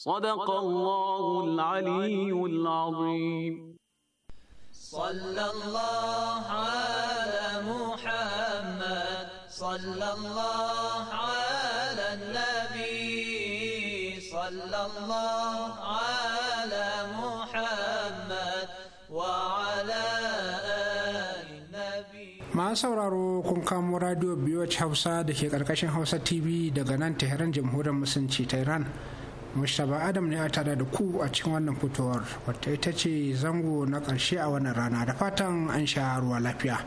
صدق الله العلي العظيم صلى الله على محمد صلى الله على النبي صلى الله على محمد وعلى Ma sauraro kun kamo radio BOH Hausa da ke ƙarƙashin Hausa TV daga nan Tehran Jamhuriyar Musulunci tehran Mustapha Adam ne ya tare da ku a cikin wannan fitowar wata ita ce zango na ƙarshe a wannan rana da fatan an sha ruwa lafiya.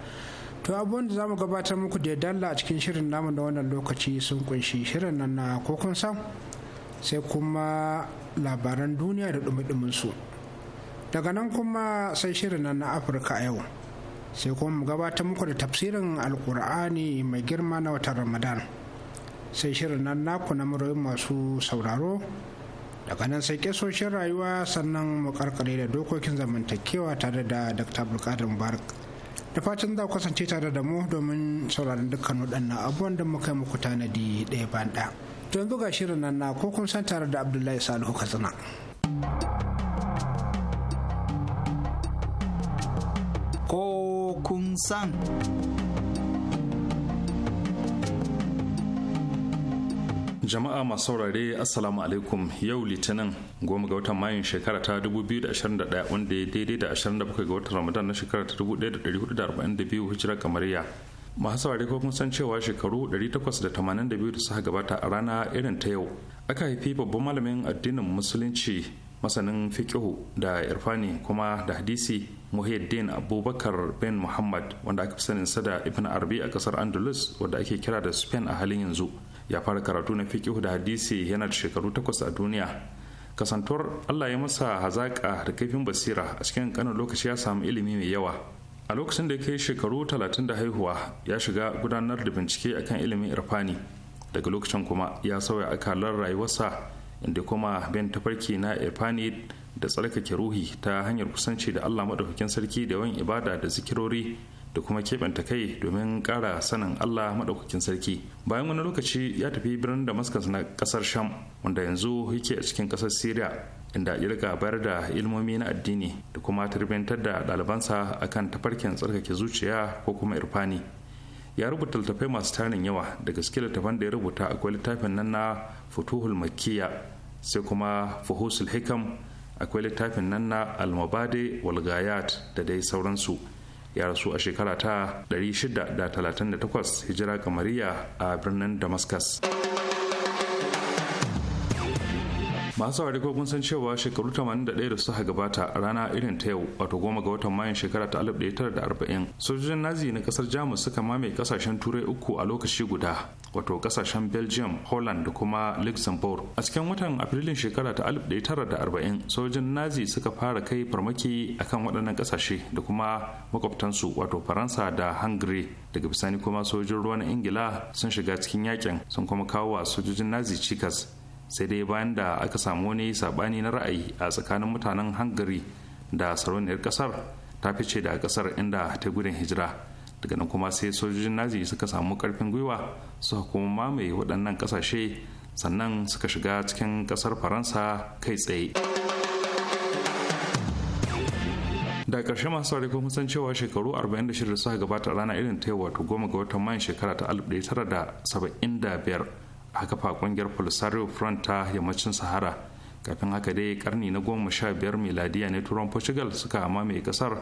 To abubuwan da za mu gabatar muku da dalla a cikin shirin namu da wannan lokaci sun kunshi shirin nan na kokon sai kuma labaran duniya da dumi su. Daga nan kuma sai shirin nan na Afirka a yau. Sai kuma mu gabatar muku da tafsirin Alkur'ani mai girma na watan Ramadan. Sai shirin nan naku na masu sauraro daga nan sai kesoshin rayuwa sannan mu da dokokin zamantakewa tare da dr bulkadir mubarak da fatan za kasance tare da mu domin sauraron dukkan waɗannan abubuwan da muka yi muku tanadi ɗaya bayan ɗaya to yanzu ga shirin nan na ko kun san tare da abdullahi salihu katsina ko kun san jama'a masu saurare assalamu alaikum yau litinin goma ga watan mayun shekara ta 2021 wanda ya daidai da 27 ga watan ramadan na shekara ta 1442 hijira kamariya masu saurare ko kun san cewa shekaru 882 da suka gabata a rana irin ta yau aka haifi babban malamin addinin musulunci masanin fiqihu da irfani kuma da hadisi muhyiddin abubakar bin muhammad wanda aka fi sanin sada da ibn arbi a kasar andalus wanda ake kira da spain a halin yanzu ya fara karatu na fikihu da hadisi yana da shekaru takwas a duniya kasantar Allah ya masa hazaƙa da kaifin basira a cikin ƙanin lokaci ya samu ilimi mai yawa a lokacin da ya kai shekaru talatin da haihuwa ya shiga gudanar da bincike akan ilimin irfani daga lokacin kuma ya sauya akalar rayuwarsa inda kuma bin tafarki na irfani da tsarkake ruhi ta hanyar kusanci da Allah maɗaukakin sarki da yawan ibada da zikirori da kuma keɓanta kai domin ƙara sanin Allah maɗaukakin sarki bayan wani lokaci ya tafi birnin damascus na ƙasar sham wanda yanzu yake a cikin ƙasar syria inda ya riga bayar da ilmomi na addini da kuma tarbiyantar da ɗalibansa kan tafarkin tsarkake zuciya ko kuma irfani ya rubuta littattafai masu tarin yawa da gaske littattafan da ya rubuta akwai littafin nan na futuhul makkiya sai kuma fuhusul hikam akwai littafin nan na almabade walgayat da dai sauransu ya rasu a shekara ta 638 hijira kamariya a birnin damascus masu saurari ko san cewa shekaru 81 da suka gabata rana irin ta yau wato goma ga watan mayun shekara ta 1940 sojojin nazi na kasar jamus suka mame kasashen turai uku a lokaci guda wato kasashen belgium holland da kuma luxembourg a cikin watan afrilun shekara ta 1940 sojojin nazi suka fara kai farmaki akan waɗannan kasashe da kuma makwabtansu wato faransa da hungary daga bisani kuma sojojin ruwa na ingila sun shiga cikin yakin sun kuma kawo wa sojojin nazi cikas sai dai bayan da aka samu wani sabani na ra'ayi a tsakanin mutanen hangari da sarauniyar kasar ta fice da kasar inda ta gudun hijira daga nan kuma sai sojojin nazi suka samu karfin gwiwa suka kuma mamaye waɗannan kasashe sannan suka shiga cikin ƙasar faransa kai tsaye da ƙarshe masu saurari kun san cewa shekaru 46 suka gabata rana irin ta wato goma ga watan mayan shekara ta 1975 a kafa kungiyar polisario front ta yammacin sahara kafin haka dai karni na goma sha biyar miladiya ne turan portugal suka mamaye kasar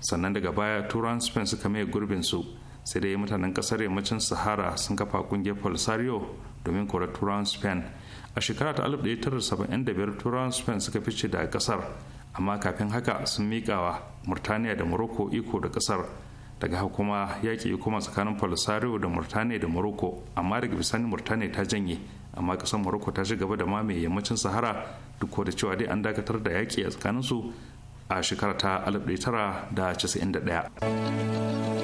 sannan daga baya turan spain suka mai gurbin su sai dai mutanen kasar yammacin sahara sun kafa kungiyar polisario domin kora turan spain a shekara ta 1975 turan spain suka fice da kasar amma kafin haka sun miƙawa murtaniya da morocco iko da kasar daga kuma yaƙi kuma tsakanin polisario da murtane da morocco amma daga bisani murtane ta janye amma ƙasar morocco ta ci gaba da mamaye yammacin sahara duk da cewa dai an dakatar da yaƙi a tsakaninsu a shekara ta 1991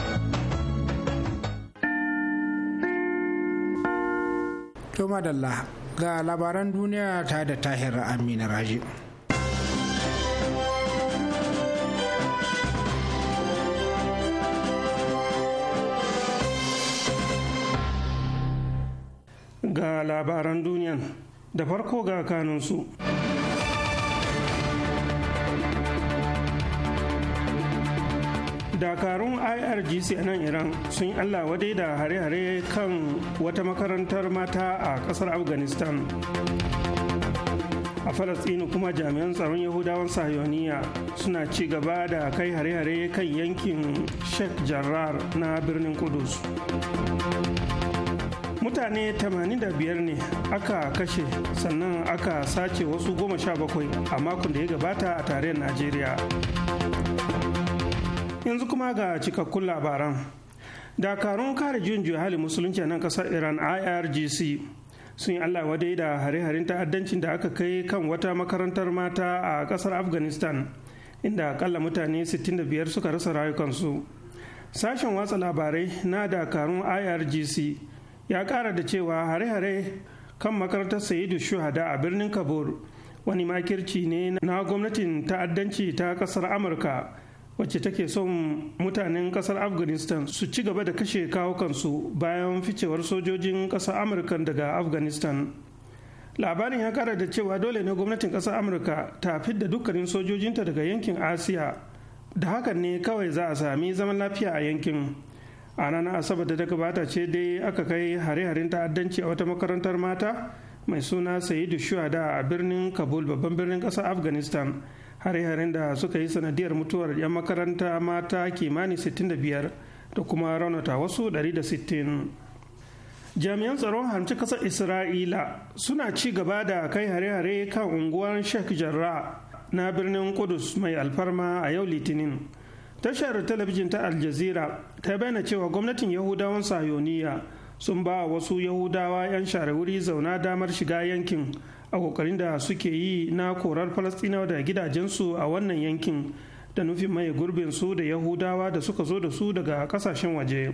To madalla ga labaran duniya ta da tahir Amina Raji. Ga labaran duniyan da farko ga kanunsu. su. dakarun irgc a nan iran sun yi allah wadai da hare-hare kan wata makarantar mata a kasar afghanistan a falastinu kuma jami'an tsaron yahudawan sahiyoniya suna ci gaba da kai hare-hare kan yankin sheikh jarrar na birnin kudus mutane 85 ne aka kashe sannan aka sace wasu 17 a makon da ya gabata a tarayyar najeriya yanzu kuma ga cikakkun labaran dakarun kare juyin hali musulunci nan kasar iran irgc sun yi allah wadai da hare-haren ta'addancin da aka kai kan wata makarantar mata a kasar afghanistan inda akalla mutane 65 suka rasa rayukansu sashen watsa labarai na dakarun irgc ya kara da cewa hare-hare kan makarantar sayidu shuhada a birnin kabul wani makirci ne na gwamnatin ta'addanci ta kasar amurka wacce take son mutanen kasar afghanistan su ci gaba da kashe kawukansu bayan ficewar sojojin kasar amurka daga afghanistan labarin ya kara da cewa dole ne gwamnatin kasar amurka ta fidda dukkanin sojojinta daga yankin asiya da hakan ne kawai za a sami zaman lafiya a yankin a ranar asabar da ta gabata ce dai aka kai hare-haren ta'addanci a wata makarantar mata mai suna sayidu shuada a birnin kabul babban birnin kasar afghanistan hare-haren da suka yi sanadiyar mutuwar 'yan makaranta mata kimanin 65 da kuma raunata wasu 160 jami'an tsaron hamci kasar isra'ila suna ci gaba da kai hare-hare kan unguwar sheikh jarrah na birnin kudus mai alfarma a yau litinin tashar talabijin ta aljazira ta bayyana cewa gwamnatin yahudawan sayoniya sun ba wasu yahudawa 'yan share wuri zauna damar shiga yankin a kokarin da suke yi na korar falastinawa da gidajensu a wannan yankin da nufin mai gurbin su da yahudawa da suka zo da su daga kasashen waje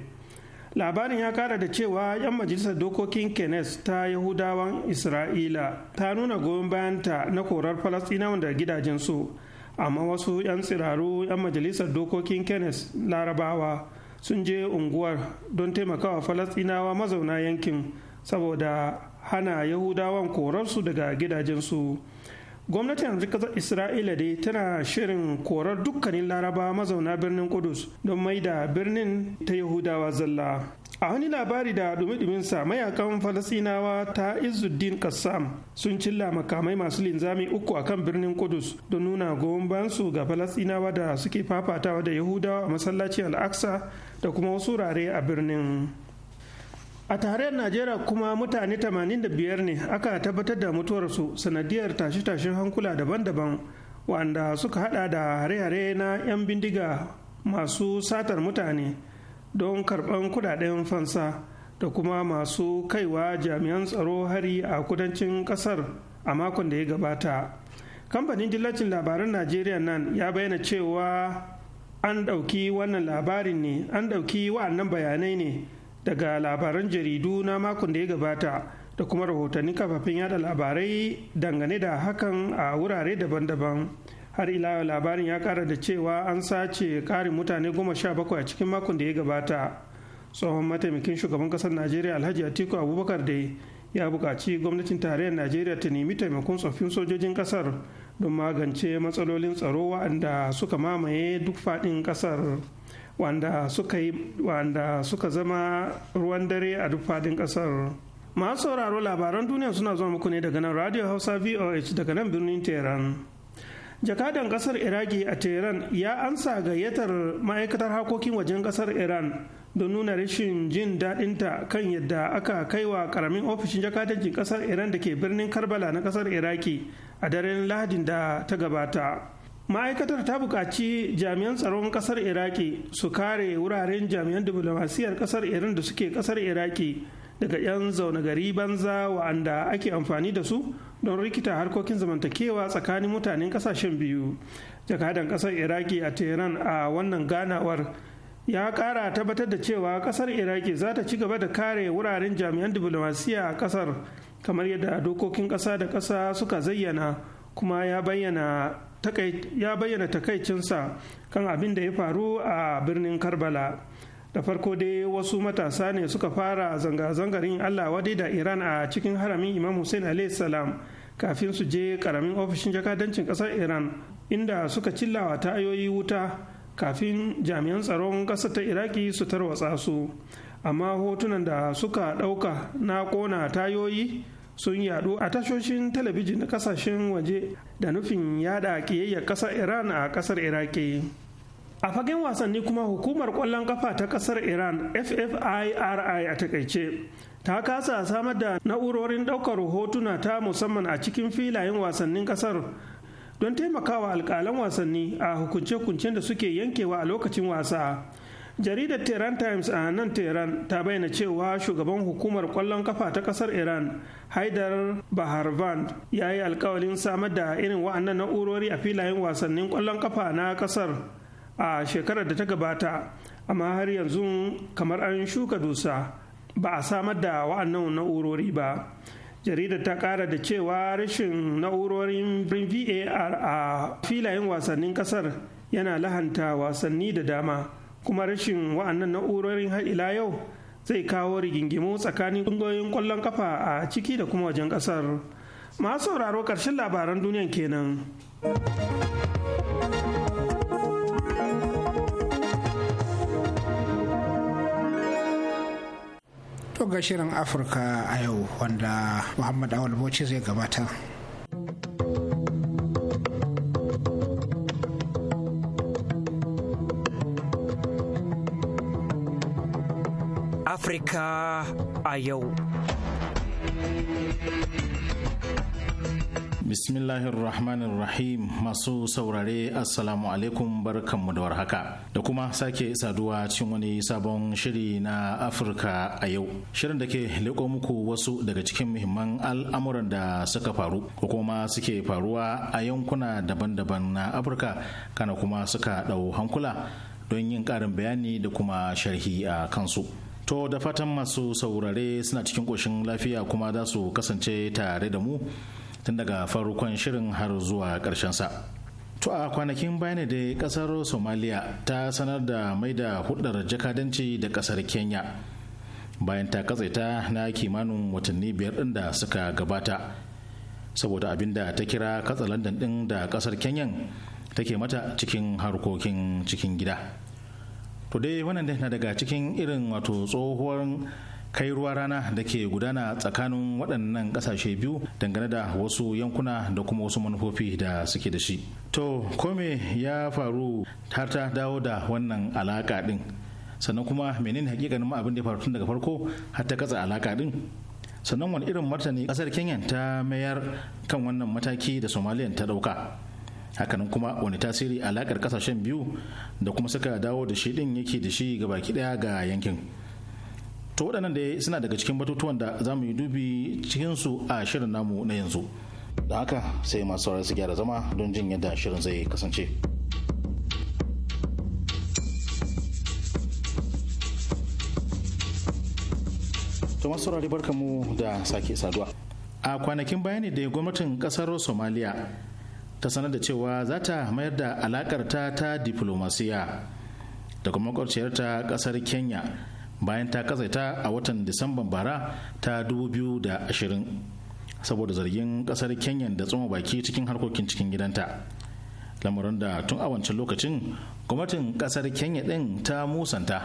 labarin ya kara da cewa 'yan majalisar dokokin kenes ta yahudawan isra'ila ta nuna goyon bayanta na korar falastinawa da gidajensu amma wasu 'yan tsiraru 'yan majalisar dokokin kenes larabawa sun je unguwar don taimakawa falastinawa mazauna yankin saboda hana yahudawan korarsu daga gidajensu gwamnatin ƙasar isra'ila dai tana shirin korar dukkanin laraba mazauna birnin kudus don mai da birnin ta yahudawa zalla a wani labari da dumi-duminsa mayakan falasinawa ta izuddin kassam sun cilla makamai masu linzami uku a kan birnin kudus don nuna goyon ga falasinawa da suke fafatawa da yahudawa a masallaci al'aksa da kuma wasu wurare a birnin a tarayyar najeriya kuma mutane 85 ne aka tabbatar da mutuwarsu sanadiyar tashe-tashen hankula daban-daban wanda suka hada da hare-hare na 'yan bindiga masu satar mutane don karban kudaden fansa da kuma masu kaiwa jami'an tsaro hari a kudancin kasar a makon da ya gabata kamfanin dillacin labaran najeriya nan ya bayyana cewa an ɗauki wannan labarin ne an ɗauki wa'annan bayanai ne daga labaran jaridu na makon da ya gabata da kuma rahotannin kafafen yada labarai dangane da hakan a wurare daban-daban har ila labarin ya kara da cewa an sace karin mutane goma sha bakwai a cikin makon da ya gabata tsohon mataimakin shugaban kasar najeriya alhaji atiku abubakar da ya buƙaci gwamnatin tarayyar najeriya ta nemi taimakon tsoffin sojojin kasar don magance matsalolin tsaro waɗanda suka mamaye duk faɗin kasar wanda suka yi wanda suka zama ruwan dare a duk fadin kasar masu sauraro labaran duniya suna zuwa muku ne daga nan radio hausa voh daga nan birnin tehran jakadan kasar iraki a tehran ya ansa gayyatar ma'aikatar harkokin wajen kasar iran don nuna rashin jin daɗinta kan yadda aka kai wa karamin ofishin jakadancin kasar iran da ke birnin karbala na kasar iraki a daren lahadin da ta gabata ma'aikatar ta buƙaci jami'an tsaron ƙasar iraki su kare wuraren jami'an diplomasiyar ƙasar iran da suke ƙasar iraki daga 'yan zaune gari banza wa'anda ake amfani da su don rikita harkokin zamantakewa tsakanin mutanen ƙasashen biyu jakadan ƙasar iraki a tehran a wannan ganawar ya kara tabbatar da cewa kasar iraki za ta ci gaba da kare wuraren jami'an diplomasiya a kasar kamar yadda dokokin kasa da kasa suka zayyana kuma ya bayyana ya bayyana takaicinsa kan abin da ya faru a birnin karbala da farko dai wasu matasa ne suka fara zanga-zangar yin allah wadai da iran a cikin haramin imam hussein salam kafin su je karamin ofishin jakadancin kasar iran inda suka cillawa ta ayoyi wuta kafin jami'an tsaron ƙasar ta iraki su tarwatsa su amma hotunan da suka ɗauka na ƙona tayoyi sun yadu a tashoshin talabijin na kasashen waje da nufin yada ƙiyayyar ƙasar iran a ƙasar iraki a fagen wasanni kuma hukumar ƙwallon kafa ta ƙasar iran ffiri a takaice ta kasa samar da na'urorin ɗaukar hotuna ta musamman a cikin filayen wasannin ƙasar don taimakawa alƙalan wasanni a hukunce-hukuncen da suke yankewa a lokacin wasa jaridar tehran times a nan tehran ta bayyana cewa shugaban hukumar kwallon kafa ta kasar iran haidar baharvan ya yi alkawalin samar da irin wa'annan na'urori a filayen wasannin kwallon kafa na kasar a shekarar da ta gabata amma har yanzu kamar an shuka dusa ba a samar da wa'annan na'urori ba jaridar ta kara da cewa rashin na'urorin var a filayen wasannin kasar yana lahanta wasanni da dama kuma rashin wa'annan na'urorin har ila yau zai kawo rigingimu tsakanin ƙungiyoyin ƙwallon kafa a ciki da kuma wajen ƙasar masu sauraro ƙarshen labaran duniyan kenan to ga shirin afirka a yau wanda muhammad awal bauchi zai gabata. Afirka a yau. Bismillahirrahmanirrahim masu saurare assalamu alaikum barkanmu da warhaka da kuma sake saduwa cikin wani sabon shiri na Afirka a yau. Shirin da ke leko muku wasu daga cikin muhimman al'amuran da suka faru ko kuma suke faruwa a yankuna daban-daban na Afirka kana kuma suka ɗau hankula don yin ƙarin bayani da kuma sharhi a kansu. To da fatan masu saurare suna cikin ƙoshin lafiya kuma za su kasance tare da mu tun daga farkon shirin har zuwa sa. To a kwanakin bayan da ƙasar Somalia ta sanar da mai da hudar jakadanci da ƙasar Kenya bayan ta ta na kimanin watanni biyar ɗin da suka gabata saboda abin da ta kira katsalandan ɗin da ƙasar Kenyan take mata cikin harkokin cikin gida. to dai wannan dai na daga cikin irin wato tsohuwar kai ruwa rana da ke gudana tsakanin waɗannan ƙasashe biyu dangane da wasu yankuna da kuma wasu manufofi da suke da shi to kome ya faru har ta dawo da wannan alaƙa ɗin sannan kuma menene hakikanin abin da ya faru tun daga farko har ta katsa alaƙa ɗin sannan wani irin martani ƙasar kenya ta mayar kan wannan mataki da somaliya ta ɗauka hakanan kuma wani tasiri alakar kasashen biyu da kuma suka dawo da shi din yake da shi ga baki daya ga yankin to waɗannan da suna daga cikin batutuwan da za mu yi dubi cikinsu a shirin namu na yanzu da haka sai masu su gyara zama don jin yadda shirin zai kasance to masu barkamu da sake saduwa a kwanakin bayani ne da gwamnatin kasar somaliya ta sanar da cewa za ta mayar da alakarta ta ta diplomasiya da kuma makwabciyarta kasar kenya bayan ta kasaita a watan disamban bara ta 2020 saboda zargin kasar kenya da tsoma baki cikin harkokin cikin gidanta lamarin da tun a wancan lokacin gwamnatin kasar kenya din ta musanta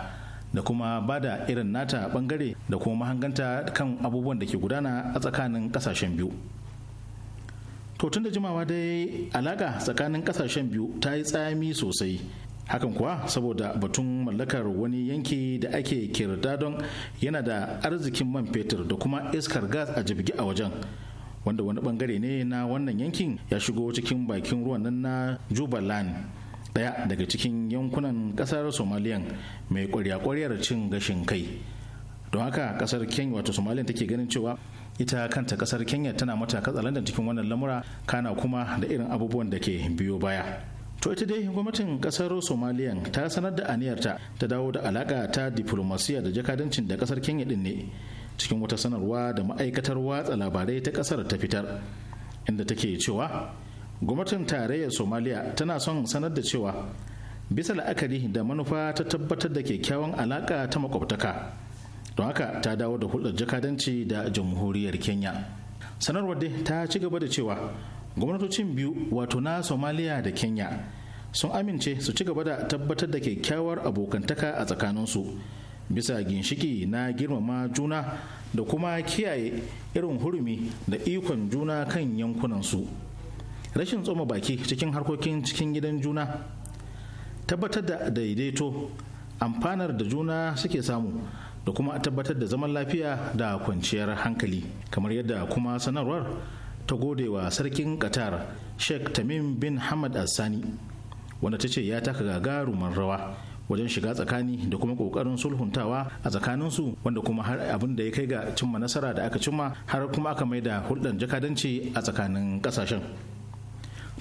da kuma ba da irin nata bangare da kuma mahanganta kan abubuwan da ke gudana a tsakanin kasashen biyu to tun da jimawa dai alaka tsakanin kasashen biyu ta yi tsami sosai hakan kuwa saboda batun mallakar wani yanki da ake kirda don yana da arzikin man fetur da kuma iskar gas a jibgi a wajen wanda wani bangare ne na wannan yankin ya shigo cikin bakin ruwan nan na jubaland daya daga cikin yankunan kasar somaliyan mai kwarya-kwaryar cin gashin kai don haka kasar kenya wato somaliya take ganin cewa ita kanta kasar kenya tana mata katsalandan cikin wannan lamura kana kuma da irin abubuwan da ke biyo baya to ita dai gwamnatin kasar somaliya ta sanar da aniyarta ta dawo da alaka ta diplomasiya da jakadancin da kasar kenya din ne cikin wata sanarwa da ma'aikatar watsa labarai ta kasar ta fitar inda take cewa gwamnatin tarayyar somaliya tana son sanar da cewa bisa la'akari da manufa ta tabbatar da kyakkyawan alaka ta makwabtaka don haka ta dawo da hulɗar jakadanci da jamhuriyar kenya sanarwar dai ta ci gaba da cewa gwamnatocin biyu wato na somaliya da kenya sun amince su ci gaba da tabbatar da kyakkyawar abokantaka a tsakaninsu bisa ginshiki na girmama juna da kuma kiyaye irin hurumi da ikon juna kan yankunansu rashin tsoma baki cikin harkokin cikin gidan juna tabbatar da daidaito amfanar da juna suke samu da kuma a tabbatar da zaman lafiya da kwanciyar hankali kamar yadda kuma sanarwar ta gode wa sarkin qatar sheikh tamim bin hamad al-sani wanda ta ce ya taka gagarumar rawa wajen shiga tsakani da kuma kokarin sulhuntawa a tsakaninsu wanda kuma har abin da ya kai ga cimma nasara da aka cimma har kuma aka mai da hulɗar jakadanci a tsakanin ƙasashen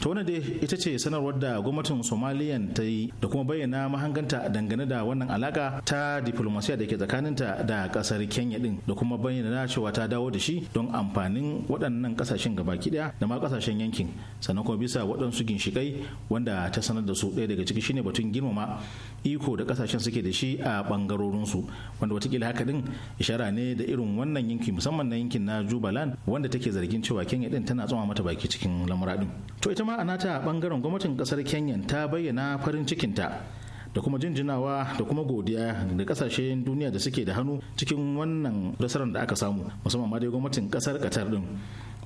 to wani dai ita ce sanarwar da gwamnatin somaliyan ta yi da kuma bayyana mahanganta dangane da wannan alaka ta diplomasiya da ke tsakaninta da kasar kenya din da kuma bayyana cewa ta dawo da shi don amfanin waɗannan kasashen gabaki ɗaya da ma kasashen yankin sannan kuma bisa waɗansu ginshikai wanda ta sanar da su ɗaya daga ciki shine batun girmama iko da kasashen suke da shi a bangarorinsu wanda watakila haka din ishara ne da irin wannan yanki musamman na yankin na jubaland wanda take zargin cewa kenya din tana tsoma mata baki cikin lamura din to ita ma a bangaren gwamnatin kasar kenya ta bayyana farin cikinta da kuma jinjinawa da kuma godiya da kasashen duniya da suke da hannu cikin wannan nasarar da aka samu musamman ma dai gwamnatin kasar qatar din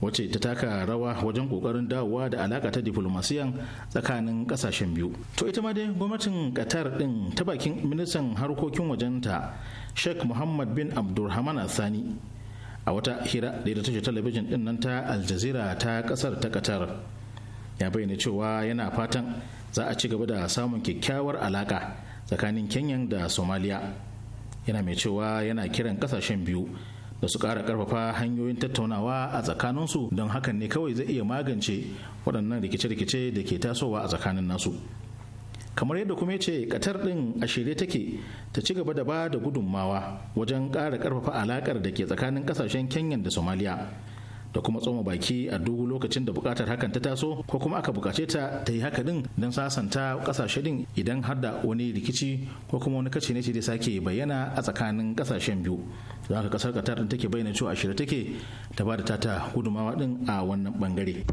wacce ta taka rawa wajen kokarin dawowa da alaka ta diplomasiyan tsakanin kasashen biyu to ita ma dai gwamnatin qatar din ta bakin ministan harkokin wajenta sheikh muhammad bin abdulrahman Sani, a wata hira da ta tashar talabijin din nan ta aljazira ta kasar ta qatar ya bayyana cewa yana fatan za a ci gaba da samun kyakkyawar alaka tsakanin kenya da somaliya yana mai cewa yana kiran kasashen biyu da su kara karfafa hanyoyin tattaunawa a tsakaninsu don hakan ne kawai zai iya magance waɗannan rikice-rikice da ke tasowa a tsakanin nasu kamar yadda kuma ce katar ɗin a shirye take ta ci gaba da ba da gudunmawa wajen ƙara ƙarfafa alaƙar da ke tsakanin ƙasashen kenya da somaliya da kuma tsoma baki a duk lokacin da bukatar hakan ta taso ko kuma aka bukace ta ta yi haka din don sasanta kasashe din idan har da wani rikici ko kuma wani kace ne ce da sake bayyana a tsakanin kasashen biyu don haka kasar Qatar din take bayyana cewa shirye take ta bada tata gudumawa din a wannan bangare.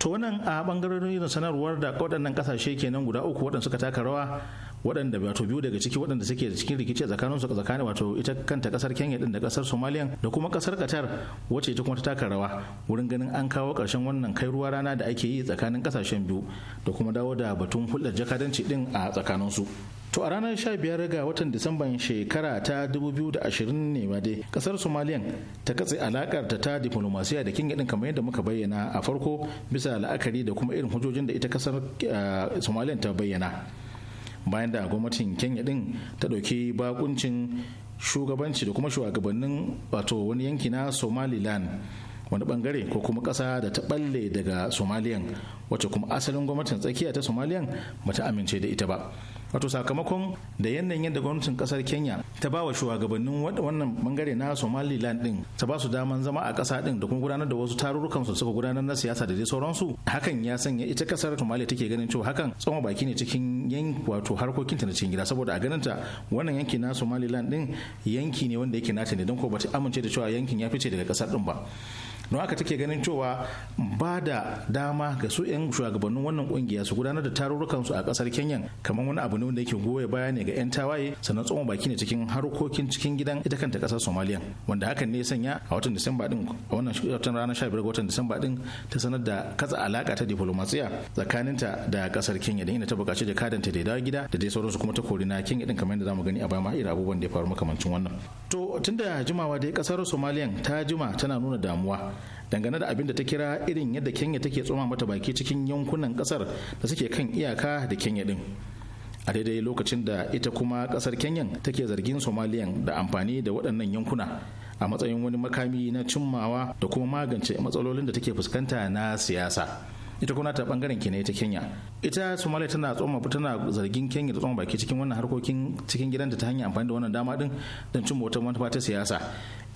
to wannan a bangarorin sanarwar da waɗannan kasashe kenan guda uku waɗanda suka taka rawa waɗanda wato biyu daga ciki waɗanda suke da cikin rikici tsakanin su tsakanin wato ita kanta ƙasar Kenya din da ƙasar Somalia da kuma ƙasar Qatar wacce ita kuma ta taka rawa wurin ganin an kawo ƙarshen wannan kai ruwa rana da ake yi tsakanin ƙasashen biyu da kuma dawo da batun hulɗar jakadanci din a tsakanin su To a ranar 15 ga watan Disamban shekara ta 2020 ne ma dai kasar Somaliyan ta katse alakar ta ta diplomasiya da kinga din kamar yadda muka bayyana a farko bisa la'akari da kuma irin hujojin da ita kasar eh, Somaliyan ta bayyana. bayan da gwamnatin kenya din ta dauki bakuncin shugabanci da kuma shugabannin wato wani yanki na somaliland wani bangare ko kuma kasa da ta balle daga somaliyan wacce kuma asalin gwamnatin tsakiya ta somaliyan ba ta amince da ita ba wato sakamakon da yanayin yadda gwamnatin kasar kenya ta ba wa shugabannin wannan bangare na somaliland din ta ba su daman zama a kasa din da kuma gudanar da wasu tarurrukan su suka gudanar na siyasa da dai sauransu hakan ya sanya ita kasar somalia take ganin cewa hakan tsawon baki ne cikin yanki wato harkokinta na cikin gida saboda a ganin ta wannan yanki na somaliland din yanki ne wanda yake nata ne don ko ba ta amince da cewa yankin ya fice daga kasar din ba don haka take ganin cewa ba da dama ga su 'yan shugabannin wannan kungiya su gudanar da tarurrukan su a kasar kenya kamar wani abu ne wanda yake goya baya ne ga 'yan tawaye sannan tsoma baki ne cikin harkokin cikin gidan ita kanta kasar somaliya wanda hakan ne sanya a watan disamba din a wannan ranar 15 ga watan disamba din ta sanar da katsa alaka ta diplomasiya tsakaninta da kasar kenya da ina ta bukaci jakadanta da dawo gida da dai sauransu kuma ta kori na kenya din kamar yadda zamu gani a baya ma irin abubuwan da ya faru makamancin wannan to tunda jimawa dai kasar somaliya ta jima tana nuna damuwa dangane da abin da ta kira irin yadda kenya take tsoma mata baki cikin yankunan kasar da suke kan iyaka da kenya din a daidai lokacin da ita kuma kasar Kenya take zargin somaliyan da amfani da waɗannan yankuna a matsayin wani makami na cimmawa da kuma magance matsalolin da take fuskanta na siyasa ita kuna ta bangaren kenan ita kenya ita somalia tana tsoma tana zargin kenya da tsoma baki cikin wannan harkokin cikin gidanta ta hanyar amfani da wannan dama din don cin wata manufa ta siyasa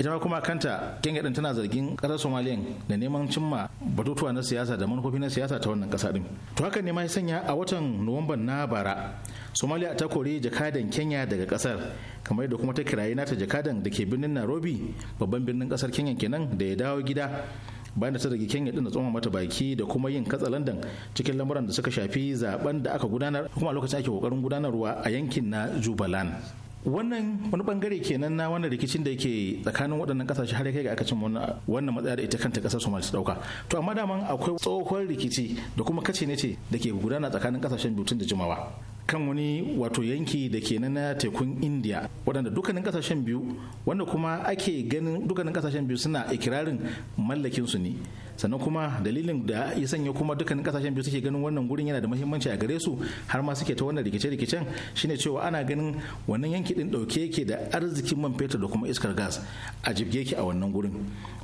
ita ma kuma kanta kenya din tana zargin kasar somaliya da neman cimma batutuwa na siyasa da manufofi na siyasa ta wannan kasa din to haka ne ma ya sanya a watan nuwamban na bara somaliya ta kori jakadan kenya daga kasar kamar yadda kuma ta kiraye nata jakadan da ke birnin nairobi babban birnin kasar kenya kenan da ya dawo gida bayan da ta zargi kenya din da tsoma mata baki da kuma yin landan cikin lamuran da suka shafi zaben da aka gudanar kuma a lokacin ake kokarin gudanarwa a yankin na jubalan wannan wani bangare kenan na wannan rikicin da yake tsakanin waɗannan ƙasashe har kai ga aka cin wannan matsaya da ita kanta ƙasar Somalia ta dauka to amma daman akwai tsohon rikici da kuma kace ne ce da ke gudana tsakanin ƙasashen biyu da jimawa kan wani wato yanki da ke na tekun india waɗanda dukkanin kasashen biyu wanda kuma ake ganin dukkanin kasashen biyu suna ikirarin mallakinsu ne sannan kuma dalilin da ya sanya kuma dukkanin kasashen biyu suke ganin wannan gurin yana da muhimmanci a gare su har ma suke ta wannan rikice-rikicen shine cewa ana ganin wannan yanki din dauke yake da arzikin man fetur da kuma iskar gas a jibge yake a wannan gurin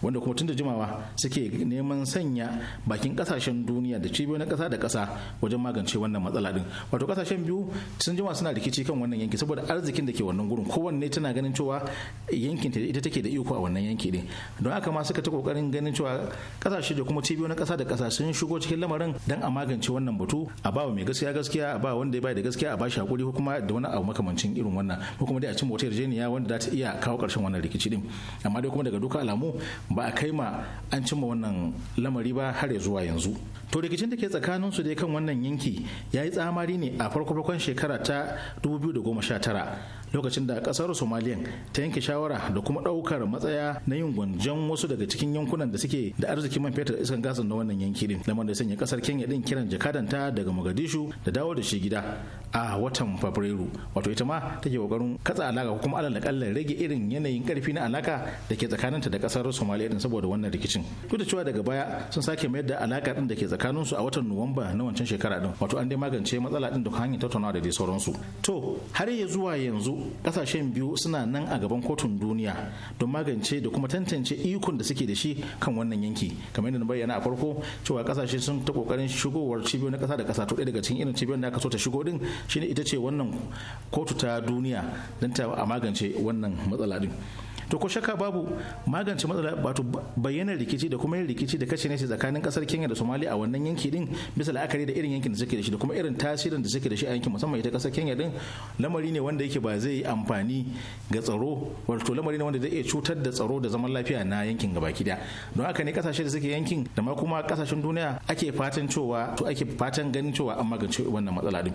wanda kuma da jimawa suke neman sanya bakin kasashen duniya da cibiyoyin kasa da kasa wajen magance wannan matsala din wato kasashen biyu sun jima suna rikici kan wannan yanki saboda arzikin da ke wannan gurin kowanne tana ganin cewa yankin ita take da iko a wannan yanki din don haka ma suka ta kokarin ganin cewa kasashe da kuma cibiyoyin kasa da kasa sun shigo cikin lamarin dan a magance wannan batu a ba mai gaskiya gaskiya a ba wanda ya bai da gaskiya a ba shi hakuri ko kuma da wani abu makamancin irin wannan ko kuma dai a cimma wata yarjejeniya wanda za ta iya kawo karshen wannan rikici din amma dai kuma daga duka alamu ba a kai ma an cimma wannan lamari ba har ya zuwa yanzu to rikicin da ke tsakanin su dai kan wannan yanki ya yi tsamari ne a farko farkon shekara ta 2019 lokacin da kasar somaliya ta yanke shawara da kuma daukar matsaya na yin gwanjan wasu daga cikin yankunan da suke da arzikin man fetur iskan gasar na wannan yanki din lamar da sanya kasar kenya din kiran jakadanta daga mogadishu da dawo da shi gida a watan fabrairu wato ita ma take kokarin katsa alaka ko kuma alal rage irin yanayin karfi na alaka da ke tsakaninta da kasar somaliya din saboda wannan rikicin duk da cewa daga baya sun sake mayar da alaka din da ke tsakanin su a watan nuwamba na wancan shekara din wato an dai magance matsala din da hanyar tattaunawa da dai sauransu to har ya zuwa yanzu kasashen biyu suna nan a gaban kotun duniya don magance da kuma tantance ikon da suke da shi kan wannan yanki kamar yadda na bayyana a farko cewa kasashe sun ta kokarin shigowar cibiyoyin na kasa da kasa to daga cikin irin cibiyoyin da aka so ta shigo din shine ita ce wannan kotu ta duniya don ta a magance wannan matsala din to ko shakka babu magance matsala wato bayyana rikici da kuma yin rikici da kashe nesa tsakanin kasar Kenya da Somalia a wannan yanki din bisa la'akari da irin yankin da suke da shi da kuma irin tasirin da suke da shi a yankin musamman ita kasar Kenya din lamari ne wanda yake ba zai yi amfani ga tsaro wato lamari ne wanda zai iya cutar da tsaro da zaman lafiya na yankin gabaki daya don haka ne kasashe da suke yankin da ma kuma kasashen duniya ake fatan cewa to ake fatan ganin cewa an magance wannan matsala din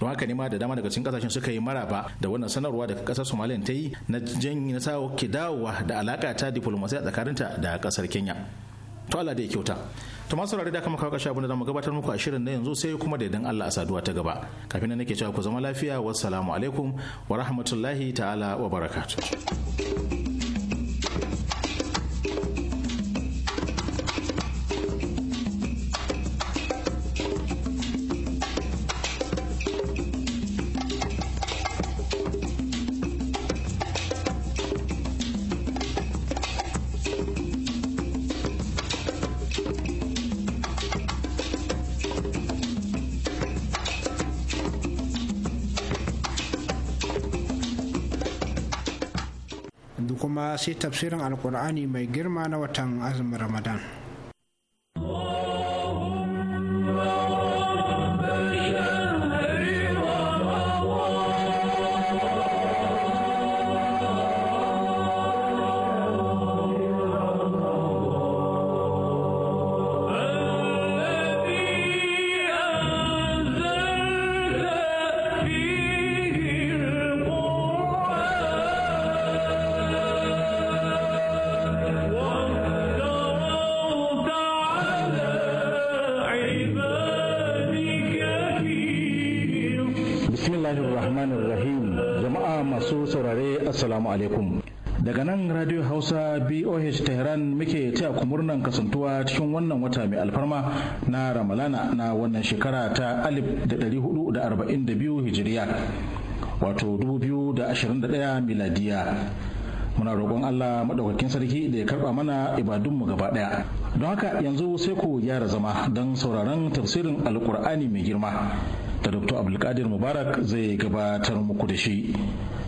don haka ne ma da dama daga cikin kasashen suka yi maraba da wannan sanarwa da kasar somaliya ta yi na janyi na sawo ke dawowa da alaka ta diplomasiya tsakaninta da kasar kenya to allah da ya kyauta to masu da kama kawo kashe abinda mu gabatar muku a shirin na yanzu sai kuma da idan allah a saduwa ta gaba kafin nan nake cewa ku zama lafiya wassalamu alaikum wa rahmatullahi ta'ala wa barakatuh sai tafsirin alkur'ani mai girma na watan azumin ramadan assalamu alaikum daga nan radio hausa boh tehran muke taya ku murnan kasantuwa cikin wannan wata mai alfarma na ramalana na wannan shekara ta 1442 hijiriya wato 2021 miladiya muna roƙon Allah maɗaukakin sarki da ya karɓa mana ibadunmu gaba ɗaya. Don haka yanzu sai ku gyara zama don sauraron tafsirin Alkur'ani mai girma da Dr. Abdulkadir Mubarak zai gabatar muku da shi.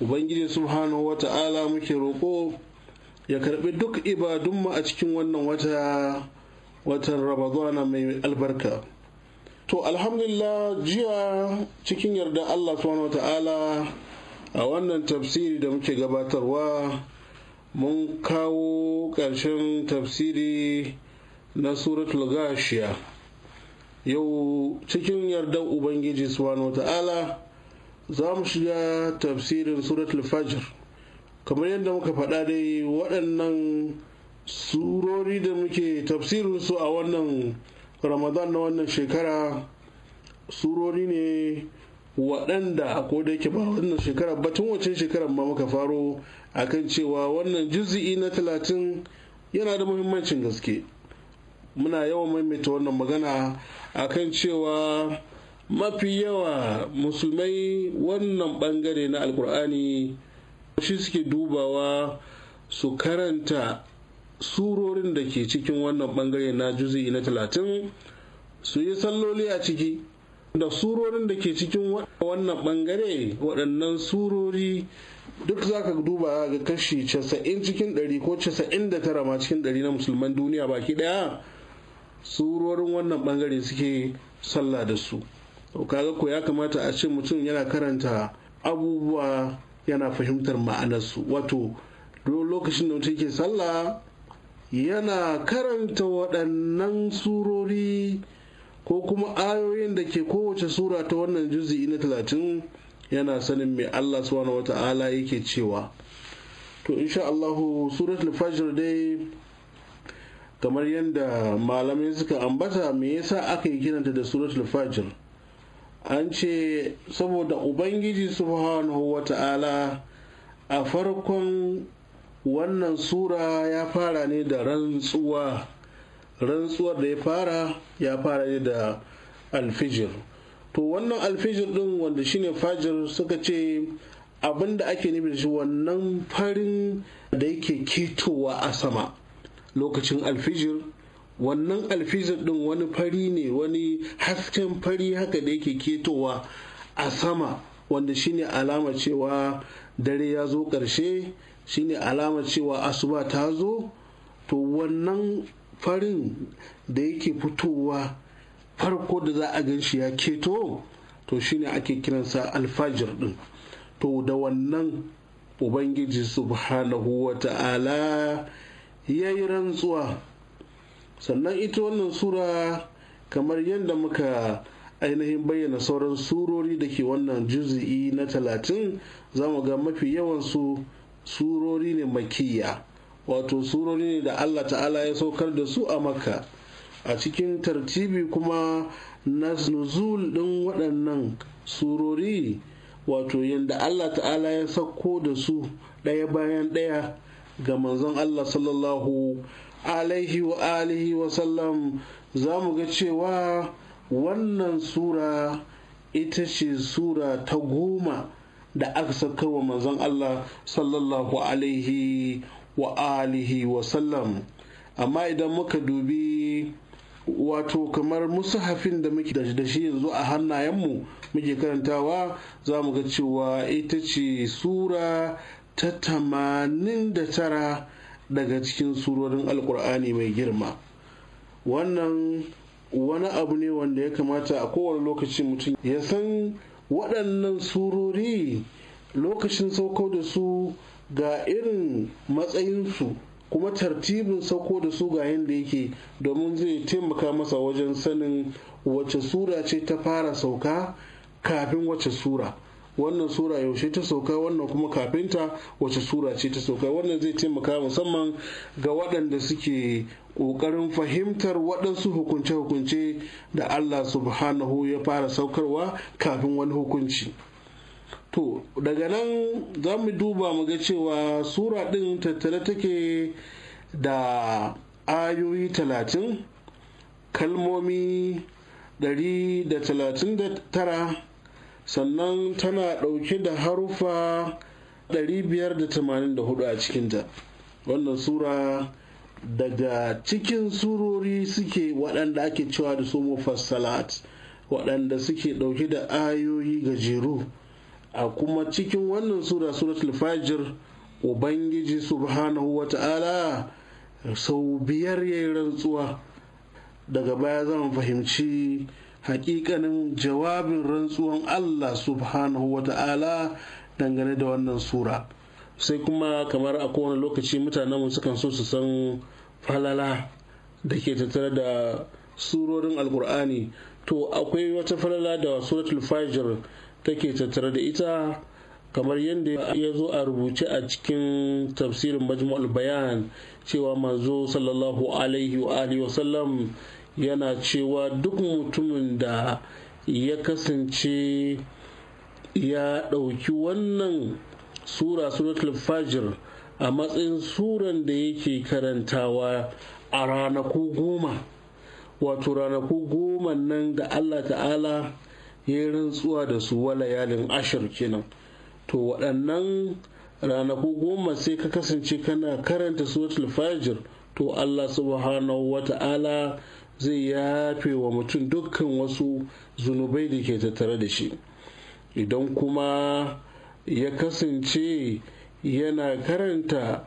ubangiji subhanahu wa ta'ala muke roƙo ya karɓi duk ibadunmu a cikin wannan wata watan ramadana mai albarka to alhamdulillah jiya cikin yarda allah subhanahu ta'ala a wannan tafsiri da muke gabatarwa mun kawo ƙarshen tafsiri na suratul gashiya yau cikin yardar ubangiji subhanahu ta'ala? za mu shiga tafsirin suratul fajr kamar yadda muka faɗa dai waɗannan surori da muke su a wannan ramadan na wannan shekara surori ne waɗanda a koda yake ba wannan shekara batun wacce shekarar ma muka faro akan cewa wannan juzi'i na talatin yana da muhimmancin gaske muna yawan maimaita wannan magana akan cewa mafi yawa musulmai wannan bangare na alkur'ani shi suke dubawa su karanta surorin da ke cikin wannan bangare na juzi na talatin su yi salloli a ciki da surorin da ke cikin wannan bangare waɗannan surori duk za ka duba ga kashi 90 cikin 100 ko 99 ma cikin 100 na musulman duniya baki daya surorin wannan bangare suke sallah da su to kaga ko ya kamata a ce mutum yana karanta abubuwa yana fahimtar ma'anarsu wato lokacin da mutum yake sallah yana karanta waɗannan surori ko kuma ayoyin da ke kowace sura ta wannan juzi'i na talatin yana sanin mai Allah subhanahu wata'ala yake cewa to insha Allahu suratul fajr dai kamar yadda malamai suka ambata me yasa aka yi kiranta da suratul fajr an ce saboda ubangiji subhanahu wa ta'ala a farkon wannan sura ya fara ne da rantsuwa rantsuwar da ya fara ya fara ne da alfijir to wannan alfijir din wanda shine fajir suka ce abin da ake nufi shi wannan farin da yake ketowa a sama lokacin alfijir wannan alfijir din wani fari ne wani hasken fari haka da yake ketowa a sama wanda shine alama cewa dare ya zo ƙarshe shine alama cewa asuba ta zo to wannan farin da yake fitowa farko da za a gan shi ya keto to shine ake kiransa alfajir din to da wannan ubangiji subhanahu wa ta'ala ya yi rantsuwa sannan ita wannan sura kamar yadda muka ainihin bayyana sauran surori da ke wannan juzi'i na talatin za mu ga mafi yawansu surori ne makiya wato surori ne da allah ta'ala ya saukar da su a makka a cikin tartibi kuma na nuzul ɗin waɗannan surori wato yadda allah ta'ala ya sauko da su ɗaya bayan ɗaya ga manzon allah sallallahu alaihi wa alihi wa sallam za mu ga cewa wannan sura ita ce sura ta goma da aka wa manzon Allah sallallahu alaihi wa alihi wa sallam amma idan muka dubi wato kamar musahafin da muke da shi yanzu a hannayenmu muke karantawa za mu ga cewa ita ce sura ta tamanin da tara daga cikin surorin alkur'ani mai girma wannan wani abu ne wanda ya kamata a kowane lokaci mutum ya san waɗannan surori lokacin sauko da su ga irin matsayinsu kuma tartibin sauko da su ga yadda yake domin zai taimaka masa wajen sanin wace sura ce ta fara sauka kafin wace sura wannan sura yaushe ta sauka wannan kuma kafinta wace sura ce ta sauka wannan zai taimaka musamman ga waɗanda suke ƙoƙarin fahimtar waɗansu hukunce-hukunce da Allah subhanahu ya fara saukarwa kafin wani hukunci. To, daga nan za mu duba mu ga cewa sura ɗin tattare take da ayoyi talatin, kalmomi ɗari da talatin da tara sannan tana ɗauke da harufa 584 a cikinta wannan sura daga cikin surori suke waɗanda ake cewa da su mufassalat waɗanda suke ɗauke da ayoyi gajeru a kuma cikin wannan sura suratul fajir ubangiji subhanahu wa sau biyar yayi rantsuwa daga baya zan fahimci hakikanin jawabin rantsuwan Allah subhanahu wa ta'ala dangane da wannan sura sai kuma kamar a kowane lokaci mutanenmu sukan so su san falala da ke tattare da surorin alkur'ani to akwai wata falala da suratul fajr take tattare da ita kamar yadda ya zo a rubuce a cikin tafsirin majmu'ul bayan cewa manzo sallallahu alaihi wa alihi yana cewa duk mutumin da ya kasance ya ɗauki wannan sura suratul fajr a matsayin suran da yake karantawa a ranaku goma wato ranaku goma nan da allah ta'ala ya rantsuwa da su walayalin ashir kenan to waɗannan ranaku goma sai ka kasance kana karanta suratul fajr to allah subhanahu wa ta'ala zai yafe wa mutum dukkan wasu zunubai da ke tattare da shi idan kuma ya kasance yana karanta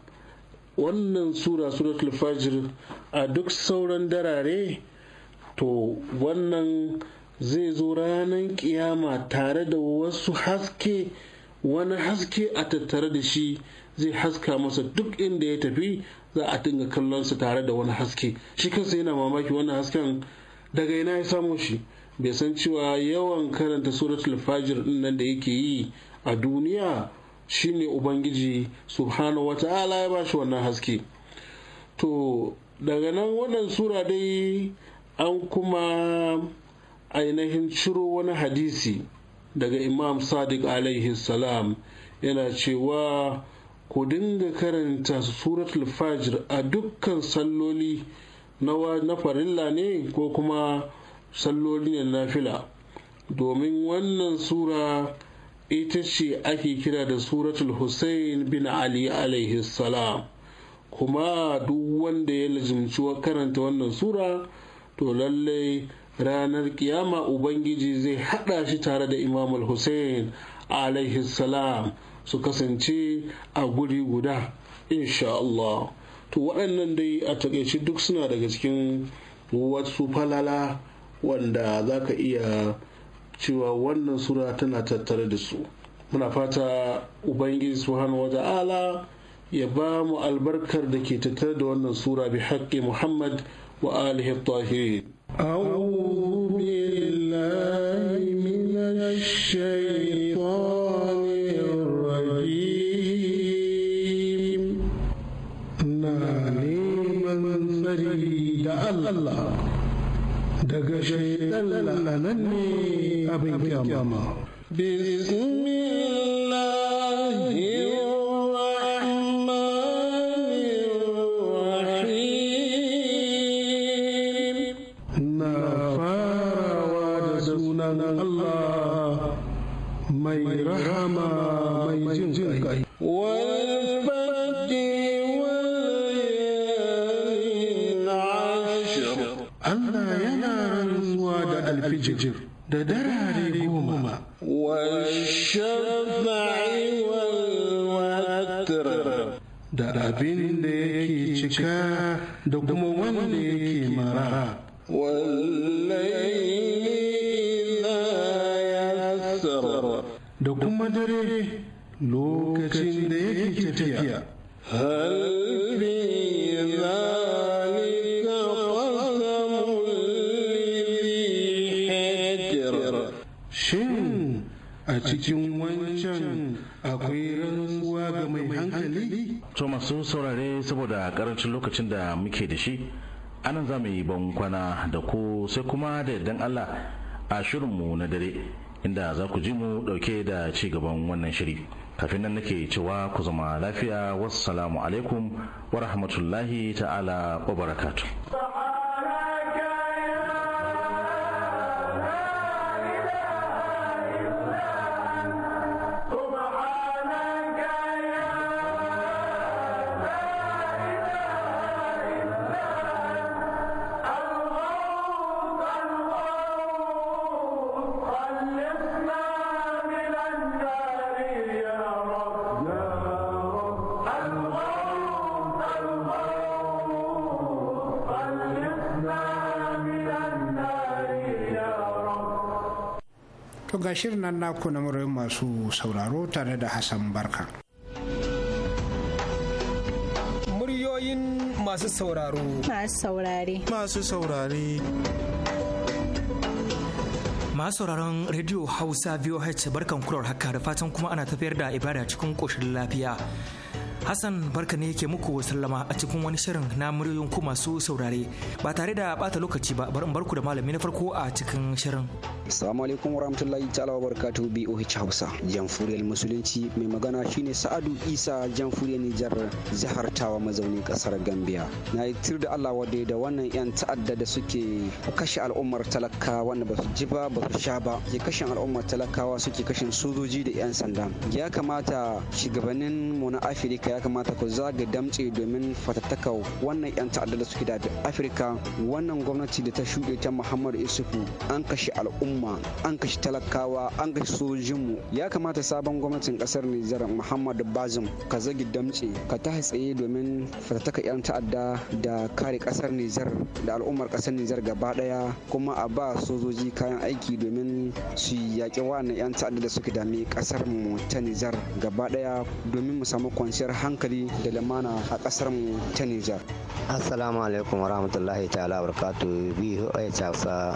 wannan sura suratul fajr a duk sauran darare to wannan zai zo ranar kiyama tare da wasu haske wani haske a tattare da shi zai haska masa duk inda ya tafi za a dinga kallon su tare da wani haske shi kansa yana mamaki wannan hasken daga ina ya samo shi bai san cewa yawan karanta suratul fajir din nan da yake yi a duniya shine ubangiji subhanahu wata'ala ya bashi wannan haske to daga nan wannan sura dai an kuma ainihin ciro wani hadisi daga imam sadiq alaihi salam yana cewa ku dinga karanta suratul fajr a dukkan salloli na farilla ne ko kuma salloli ne na fila domin wannan sura ita ce ake kira da suratul hussein bin ali alaihi salam kuma duk wanda ya lajimci karanta wannan sura to lallai ranar kiyama ubangiji zai hada shi tare da imamul hussein alaihi salam su kasance a guri guda insha Allah to waɗannan dai a takaice duk suna daga cikin wasu falala wanda za ka iya cewa wannan sura tana tattare da su muna fata ubangiji subhanahu wa ta'ala ya ba mu albarkar da ke tattare da wannan sura bi haƙƙi muhammad wa alihi tahirin أعوذ بالله من الشيطان Allah daga shaidan lalanan ne abin kyama. Bismillah lokacin da muke da shi anan za mu yi ban kwana da ku sai kuma da yardan Allah a shirinmu na dare inda za ku ji mu dauke da ci gaban wannan shiri kafin nan nake cewa ku zama lafiya wassalamu alaikum wa rahmatullahi ta'ala wa barakatuh ga shirin nan naku na muryoyin masu sauraro tare da Hassan Barka. Muryoyin masu sauraro. Masu saurare. Masu saurare. masu sauraron rediyo hausa VOH barkan kurar haka da fatan kuma ana tafiyar da ibada cikin koshin lafiya hassan barka ne ke muku sallama a cikin wani shirin na muryoyin ku masu saurare ba tare da bata lokaci ba bar in barku da malami na farko a cikin shirin Assalamu alaikum warahmatullahi ta'ala wabarakatuh BOH Hausa. Jamhuriyar Musulunci mai magana shine Sa'adu Isa Jamhuriyar Nijar jihar Tawa mazaunin kasar Gambia. Na yi tir da Allah wade da wannan yan ta'adda da suke kashe al'ummar talaka wanda ba su ji ba ba su sha ba. Ke kashe al'ummar talakawa suke kashe sojoji da yan sanda. Ya kamata shugabannin mu na Afirka ya kamata ku zaga damtse domin fatattakau wannan yan ta'adda da suke da Afirka wannan gwamnati da ta shuɗe ta Muhammadu Isufu an kashe al'umma al'umma an kashi talakawa an kashi sojinmu ya kamata sabon gwamnatin kasar Nijar Muhammadu Bazum ka zagi damtse ka ta tsaye domin fatattaka 'yan ta'adda da kare kasar Nijar da al'ummar kasar Nijar gaba daya kuma a ba sojoji kayan aiki domin su yaƙi wa'annan 'yan ta'adda da suke dami kasar mu ta Nijar gaba daya domin mu samu kwanciyar hankali da lamana a kasar mu ta Nijar. Assalamu alaikum warahmatullahi ta'ala barakatuh biyu ta Hausa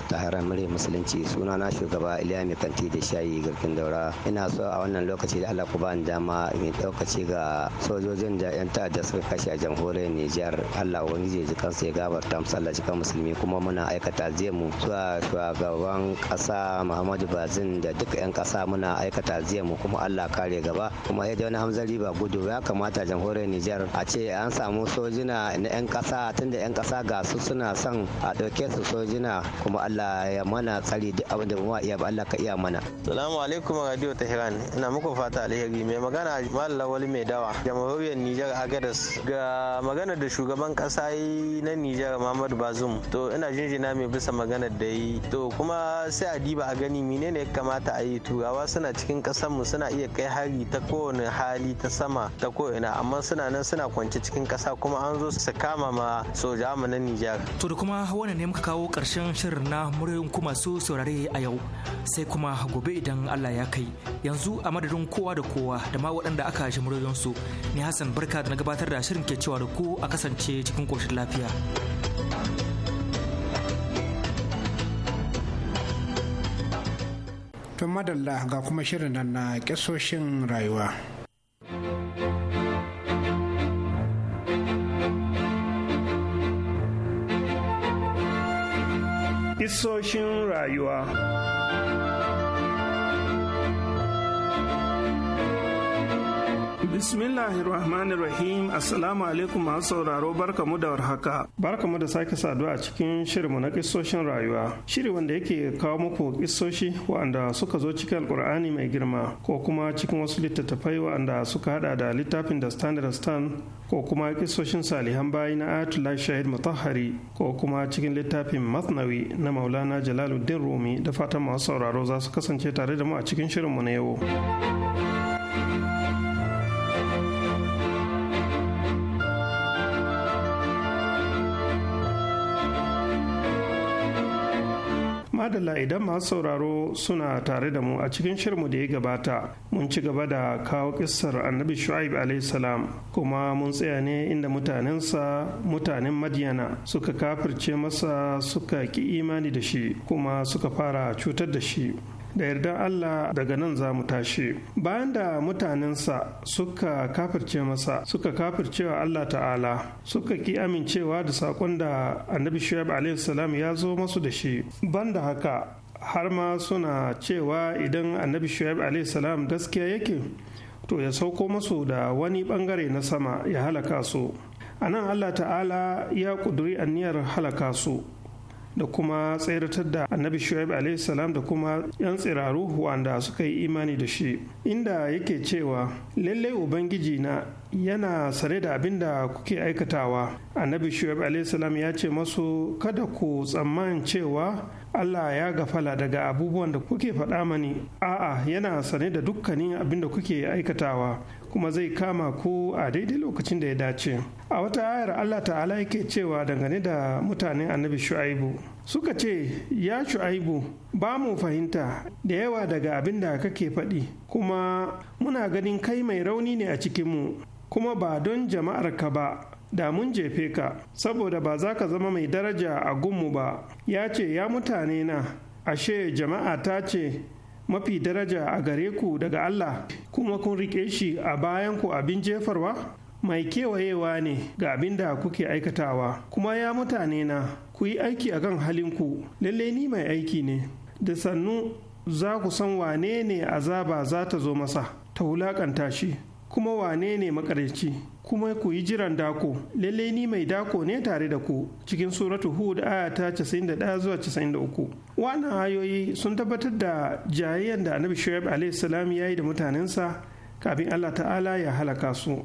musulunci suna sunana shugaba iliya mai kanti da shayi garkin daura ina so a wannan lokaci da allah ku bani dama mai ɗaukaci ga sojojin da yan ta'adda suka kashe a jamhuriyar nijar allah ubangiji ji kansa ya gabata musu allah cikin musulmi kuma muna aikata zai mu zuwa shugaban ƙasa muhammadu bazin da duk yan kasa muna aikata zai mu kuma allah kare gaba kuma ya wani Hamza riba gudu ya kamata jamhuriyar nijar a ce an samu sojina na yan kasa tunda yan kasa ga su suna son a dauke su sojina kuma allah ya mana tsari duk abin da ba iya ba Allah ka iya mana salamu alaikum radio Hiran ina muku fata alheri mai magana malam lawali mai dawa jamhuriyar Nijar Agadas ga magana da shugaban kasa na Nijar Muhammadu Bazum to ina jinjina mai bisa magana da yi to kuma sai a diba a gani menene ya kamata a yi turawa suna cikin kasar mu suna iya kai hari ta kowane hali ta sama ta ina amma suna nan suna kwance cikin kasa kuma an zo su kama ma soja mu na Nijar to da kuma wannan ne muka kawo karshen shirin na muryoyin kuma su saurare a yau sai kuma gobe idan Allah ya kai yanzu a madadin kowa da kowa da ma waɗanda aka shi su ni Hassan barka da na gabatar da shirin ke cewa da ku a kasance cikin koshin lafiya. Tun madalla ga kuma shirin nan na ƙisoshin rayuwa. hissoshin rayuwa. Bismillahirrahmanirrahim Assalamu alaikum masu sauraro barka barkamu da warhaka. mu da sake saduwa a cikin shirinmu na kisoshin rayuwa. Shiri wanda yake kawo muku kisoshi waɗanda suka zo cikin Alkur'ani mai girma ko kuma cikin wasu littattafai waɗanda suka hada da littafin da Standard Stan ko kuma kisoshin salihan bayi na Ayatollah Shahid Mutahhari ko kuma cikin littafin Matnawi na Maulana Jalaluddin Rumi da fatan masu sauraro za su kasance tare da mu a cikin shirin mu na yau. madalla idan masu sauraro suna tare da mu a cikin shirmu da ya gabata mun ci gaba da kawo kissar annabi shu'aib salam kuma mun tsaya ne inda mutanensa mutanen madiyana suka kafirce masa suka ki imani da shi kuma suka fara cutar da shi da yardar Allah daga nan za mu tashi bayan da mutanensa suka kafirce masa suka kafircewa Allah ta'ala suka ki amincewa da saƙon da annabi shu'aib alaihi salam ya zo masu da shi banda haka har ma suna cewa idan annabi shu'aib alaihi salam gaskiya yake to ya sauko masu da wani bangare na sama ya halaka su a nan allah ta'ala ya ƙuduri aniyar halaka su da kuma tseratar da annabi shu'aib salam da kuma yan tsiraru wanda suka yi imani da shi inda yake cewa lallai ubangiji na yana sare da abin da kuke aikatawa annabi shu'aib salam ya ce masu kada ku tsammanin cewa Allah ya gafala daga abubuwan da kuke faɗa mani a'a yana sane da dukkanin abin da kuke aikatawa kuma zai kama ku a daidai lokacin da ya dace a wata ayar Allah ta'ala yake cewa dangane da mutanen annabi shu'aibu suka ce ya shu'aibu ba mu fahimta da yawa daga abin da kake faɗi kuma muna ganin kai mai rauni ne a cikinmu kuma ba don jama'ar ka ba da mun jefe ka saboda ba za ka zama mai daraja a gunmu ba ya ce ya mutane na ashe jama'a ta ce mafi daraja a gare ku daga Allah kuma kun riƙe shi a bayan ku abin jefarwa mai kewayewa ne ga abin da kuke aikatawa kuma ya mutane na ku yi aiki akan halinku lalle ni mai aiki ne da sannu za ku san wane ne azaba za ta zo masa ta wulakanta shi kuma wane ne kuma ku yi jiran dako lalle ni mai dako ne tare da ku cikin suratu hud aya ta 91 zuwa 93 wannan ayoyi sun tabbatar da jayayyar da annabi shoyab alaihissalam ya yi da mutanensa kafin allah ta'ala ya halaka su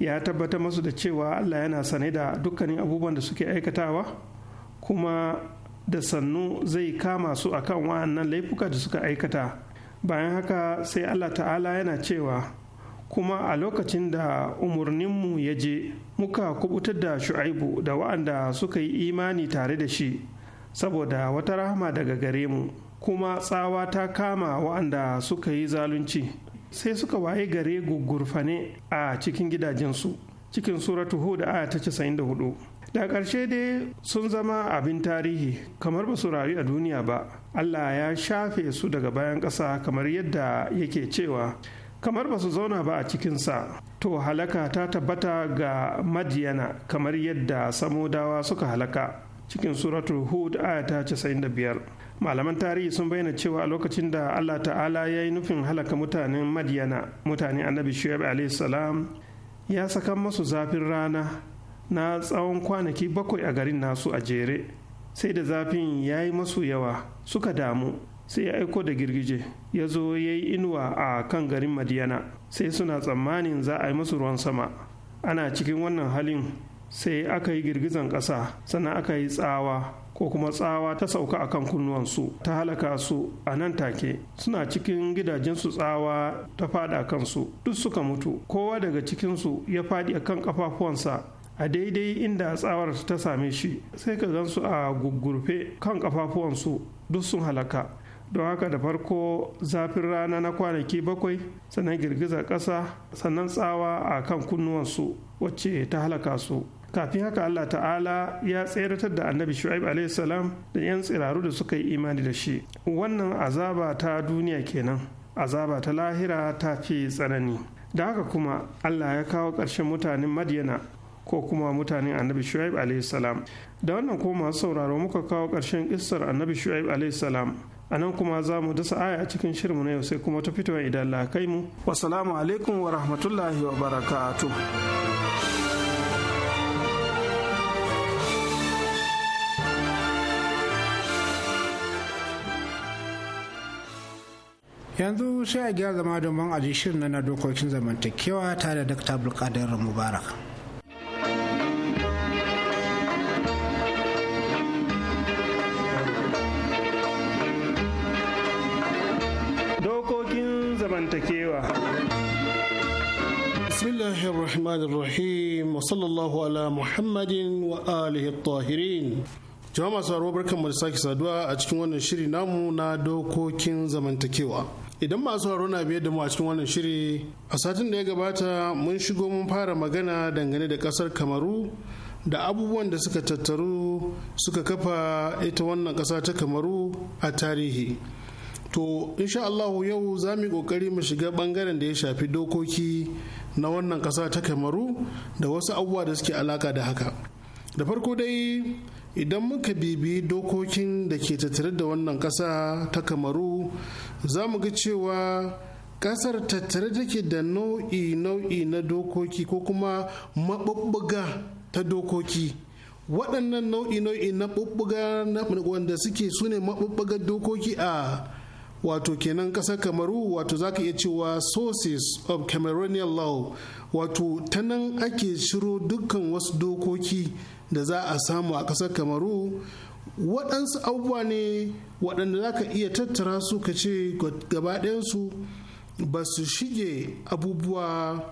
ya tabbatar masu da cewa allah yana sane da dukkanin abubuwan da suke aikatawa kuma da sannu zai kama su akan wa'annan laifuka da suka aikata bayan haka sai allah ta'ala yana cewa kuma a lokacin da umarninmu ya je muka kubutar da shu'aibu da wa'anda suka yi imani tare da shi saboda wata rahama daga gare mu kuma tsawa ta kama wa'anda suka yi zalunci sai suka waye gare gugurfane a cikin gidajensu cikin suratu hu da aya ta 94 da ƙarshe dai sun zama abin tarihi kamar ba su rayu a duniya ba allah ya shafe su daga bayan ƙasa kamar yadda yake cewa kamar ba su zauna ba a cikinsa to halaka ta tabbata ga madiyana kamar yadda samodawa suka halaka cikin suratul hud ayata biyar. malaman tarihi sun bayyana cewa a lokacin da allah ta'ala ya yi nufin halaka mutanen madiyana mutane annabi shu'aib salam ya saka masu zafin rana na tsawon kwanaki bakwai a garin nasu a jere sai da zafin ya yi masu yawa suka damu sai ya aiko da girgije ya zo ya yi inuwa a kan garin madiyana sai suna tsammanin za a yi musu ruwan sama ana cikin wannan halin sai aka yi girgizan ƙasa sannan aka yi tsawa ko kuma tsawa ta sauka akan kunnuwansu ta halaka su a nan take suna cikin gidajensu tsawa ta fada kansu duk suka mutu kowa daga cikinsu ya fadi akan kafafuwansa a daidai inda tsawar ta same shi sai ka gansu a gugurfe kan kafafuwansu duk sun halaka don haka da farko zafin rana na kwanaki bakwai sannan girgizar ƙasa sannan tsawa a kan kunnuwansu wacce ta halaka su kafin haka Allah ta'ala ya tseratar da annabi shu'aib da 'yan tsiraru da suka yi imani da shi wannan azaba ta duniya kenan azaba ta lahira ta fi tsanani da haka kuma Allah ya kawo ƙarshen mutanen madiyana ko kuma mutanen annabi shu'aib alaihissalam da wannan ko masu sauraro muka kawo ƙarshen kisar annabi shu'aib alaihissalam a nan kuma za mu dasa aya a cikin shirinmu na yau sai kuma ta fitowa idan la kai mu wasalamu alaikum wa rahmatullahi wa barakatuh yanzu sai a gyara zama domin aji shirin na dokokin zamantakewa tare da dr abdulkadir mubarak zamantakewa bismillahir rahmanir rahim wa sallallahu ala muhammadin wa alihi tahirin jama'a masu haro barkan mu da sake saduwa a cikin wannan shiri namu na dokokin zamantakewa idan masu haro na biye da mu a cikin wannan shiri a satin da ya gabata mun shigo mun fara magana dangane da kasar kamaru da abubuwan da suka tattaru suka kafa ita wannan kasa ta kamaru a tarihi to insha Allah yau za mu yi kokari mu shiga bangaren da ya shafi dokoki na wannan kasa ta kamaru da wasu abubuwa da suke alaka da haka da farko dai idan muka bibi dokokin da ke tattare da wannan kasa ta kamaru za mu ga cewa ƙasar tattare take da nau'i nau'i na dokoki ko kuma maɓuɓɓuga ta dokoki waɗannan nau'i nau'i na ɓuɓɓuga wanda suke su ne maɓuɓɓugar dokoki a wato kenan kasar kamaru wato zaka iya cewa sources of cameroonian law wato ta nan ake shiro dukkan wasu dokoki da za a samu a kasar kamaru waɗansu abubuwa ne waɗanda zaka iya tattara su ka ce gabaɗayansu ba su shige abubuwa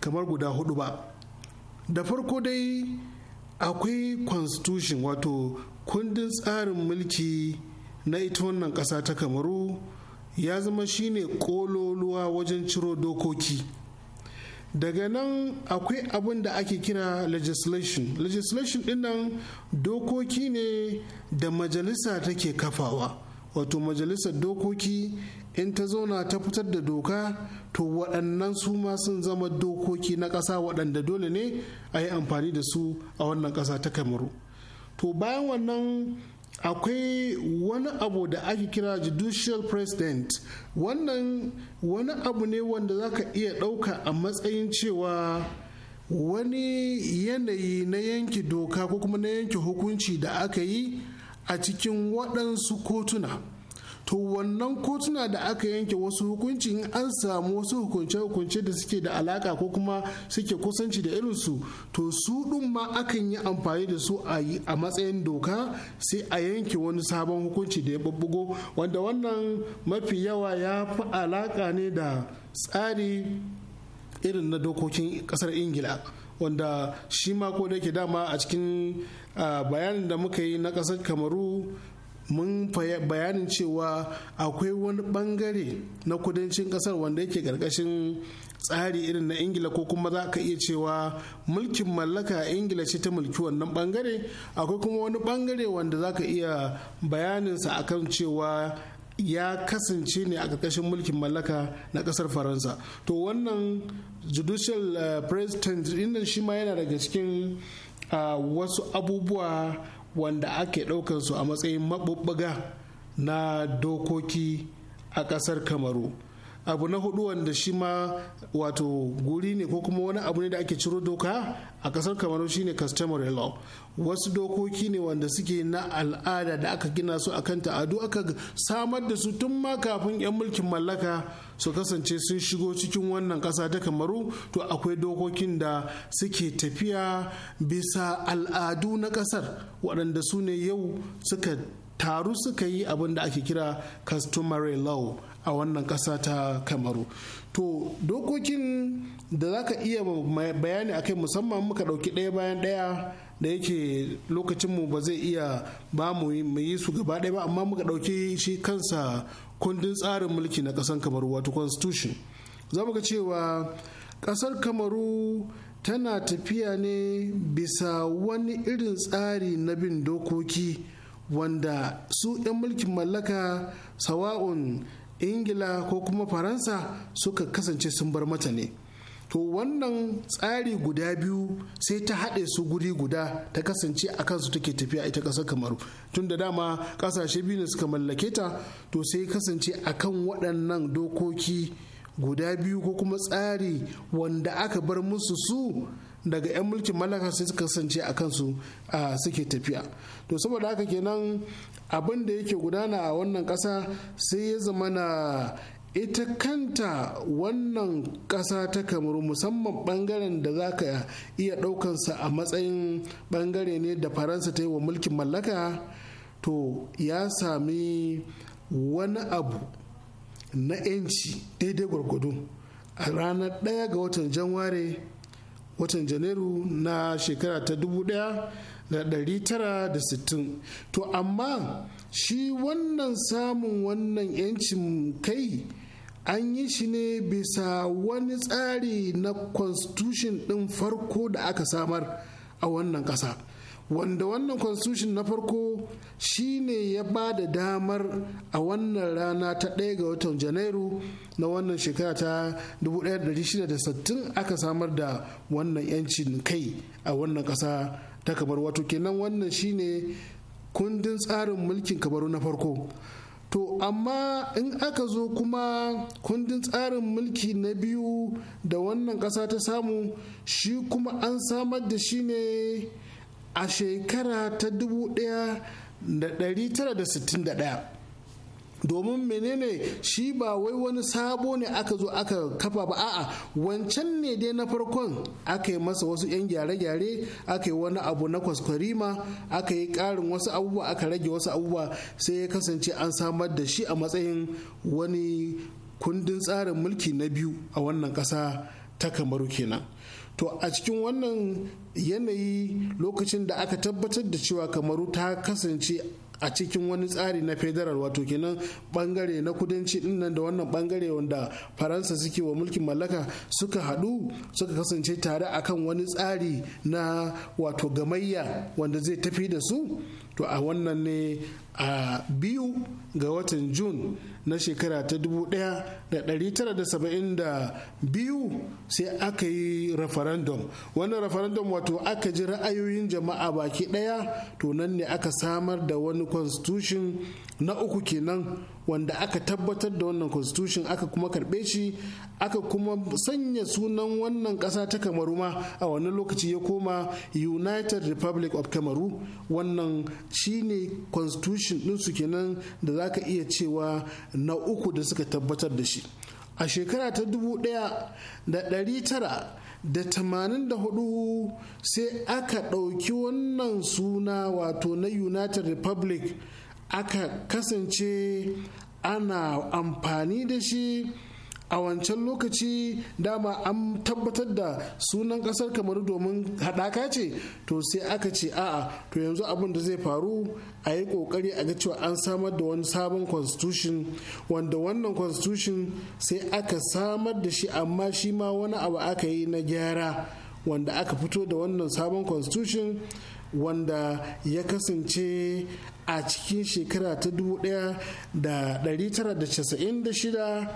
kamar guda hudu ba da farko dai akwai constitution wato kundin tsarin mulki na ita wannan ƙasa ta kamaru ya zama shine kololuwa wajen ciro dokoki daga nan akwai abin da ake kira legislation legislation dinnan dokoki ne da majalisa take kafawa wato majalisar dokoki in ta zauna ta fitar da doka to waɗannan su ma sun zama dokoki na ƙasa waɗanda dole ne a yi amfani da su a wannan ƙasa ta kamaru to bayan wannan akwai wani abu da ake kira judicial president wannan wani abu ne wanda za ka iya ɗauka a matsayin cewa wani yanayi na yanke doka ko kuma na yanke hukunci da aka yi a cikin waɗansu kotuna to wannan kotuna da aka yanke wasu hukunci in an samu wasu hukunce-hukunce da suke da alaka ko kuma suke kusanci da irinsu to su ɗin ma akan yi amfani da su a a matsayin doka sai a yanke wani sabon hukunci da ya babbugo wanda wannan mafi yawa ya fi alaka ne da tsari irin na dokokin ƙasar ingila wanda shi ma ko da ke dama a cikin ah, bayanin da muka yi na ƙasar kamaru mun bayanin cewa akwai wani bangare na kudancin kasar wanda yake karkashin tsari irin na ingila ko kuma za ka iya cewa mulkin mallaka ingila ce ta mulki wannan bangare akwai kuma wani bangare wanda za ka iya bayaninsa akan cewa ya kasance ne a ƙarƙashin mulkin mallaka na ƙasar faransa to wannan judicial eh, president inda shi ma yana daga cikin ah, wasu abubuwa wanda ake ɗaukansu a matsayin maɓuɓɓuga na dokoki a ƙasar kamaru abu na hudu wanda shi ma wato guri ne ko kuma wani abu ne da ake ciro doka a kasar kamaru shine customary law wasu dokoki ne wanda suke na al'ada da aka gina su akan ta'adu aka samar da su tun ma kafin 'yan mulkin mallaka su kasance sun shigo cikin wannan kasa ta kamaru to akwai dokokin da suke tafiya bisa al'adu na kasar waɗanda su ne yau suka taru suka yi abin da ake kira customary law a wannan ƙasa ta kamaru to dokokin da za ka iya bayani a kai musamman muka ɗauki ɗaya bayan ɗaya da yake lokacinmu ba zai iya ba mu yi su gaba ɗaya ba amma muka ɗauki shi kansa kundin tsarin mulki na ƙasar kamaru wato constitution za mu ga cewa ƙasar kamaru tana tafiya ne bisa wani irin tsari na bin dokoki wanda su 'yan mulkin mallaka sawa'un ingila ko kuma faransa suka kasance sun bar mata ne to wannan tsari guda biyu sai ta haɗe su guri guda ta kasance a kansu take tafiya ita ƙasar kamaru tun da dama ƙasashe biyu ne suka mallake ta to sai kasance a kan waɗannan dokoki guda biyu ko kuma tsari wanda aka bar musu su daga 'yan mulkin mallaka sai suka kasance a kansu a suke tafiya to saboda haka kenan abin da yake gudana a wannan ƙasa sai ya zama na ita kanta wannan ƙasa ta kamaru musamman ɓangaren da za ka iya ɗaukansa a matsayin ɓangare ne da faransa ta yi wa mulkin mallaka to ya sami wani abu na 'yanci daidai gwargwado a ranar 1 ga watan janware watan janairu na shekara ta 1960 to amma shi wannan samun wannan 'yancin kai an yi shi ne bisa wani tsari na constitution ɗin farko da aka samar a wannan ƙasa wanda wannan constitution na farko shi ne ya ba da damar a wannan rana ta ɗaya ga watan janairu na wannan shekara ta 1660 aka samar da wannan 'yancin kai a wannan ƙasa ta kabar wato kenan wannan shine kundin tsarin mulkin kabaru na farko to amma in aka zo kuma kundin tsarin mulki na biyu da wannan ƙasa ta samu shi kuma an samar da shi ne a shekara ta 1961 domin menene shi ba wai wani sabo ne aka zo aka kafa ba a'a wancan ne dai na farkon aka yi masa wasu 'yan gyare-gyare aka yi wani abu na kwaskwarima aka yi karin wasu abubuwa aka rage wasu abubuwa sai ya kasance an samar da shi a matsayin wani kundin tsarin mulki na biyu a wannan ƙasa ta kamaru kenan to a cikin wannan yanayi lokacin da aka tabbatar da cewa kamaru ta kasance a cikin wani tsari na federal wato kenan bangare na kudanci dinnan da wannan bangare wanda faransa suke wa mulkin mallaka suka hadu suka kasance tare akan wani tsari na wato gamayya wanda zai tafi da su to a wannan ne a biyu ga watan june na shekara ta 1972 sai aka yi referendum wannan referendum wato aka ji ra'ayoyin jama'a baki daya to nan ne aka samar da wani constitution na uku kenan wanda aka tabbatar da wannan constitution aka kuma karbe shi aka kuma sanya sunan wannan ƙasa ta kamaru ma a wannan lokaci ya koma united republic of kamaru wannan shine constitution ɗinsu kenan da za ka iya cewa na uku da suka tabbatar da shi a shekara ta da da hudu, sai aka ɗauki wannan suna wato na united republic aka kasance ana amfani da shi a wancan lokaci dama an tabbatar da sunan kasar kamar domin haɗaka ce to sai aka ce a'a to yanzu abin da zai faru a yi ƙoƙari a ga cewa an samar da wani sabon constitution wanda wannan constitution sai aka samar da shi amma shi ma wani abu aka yi na gyara wanda aka fito da wannan sabon constitution wanda ya kasance a cikin shekara ta 1996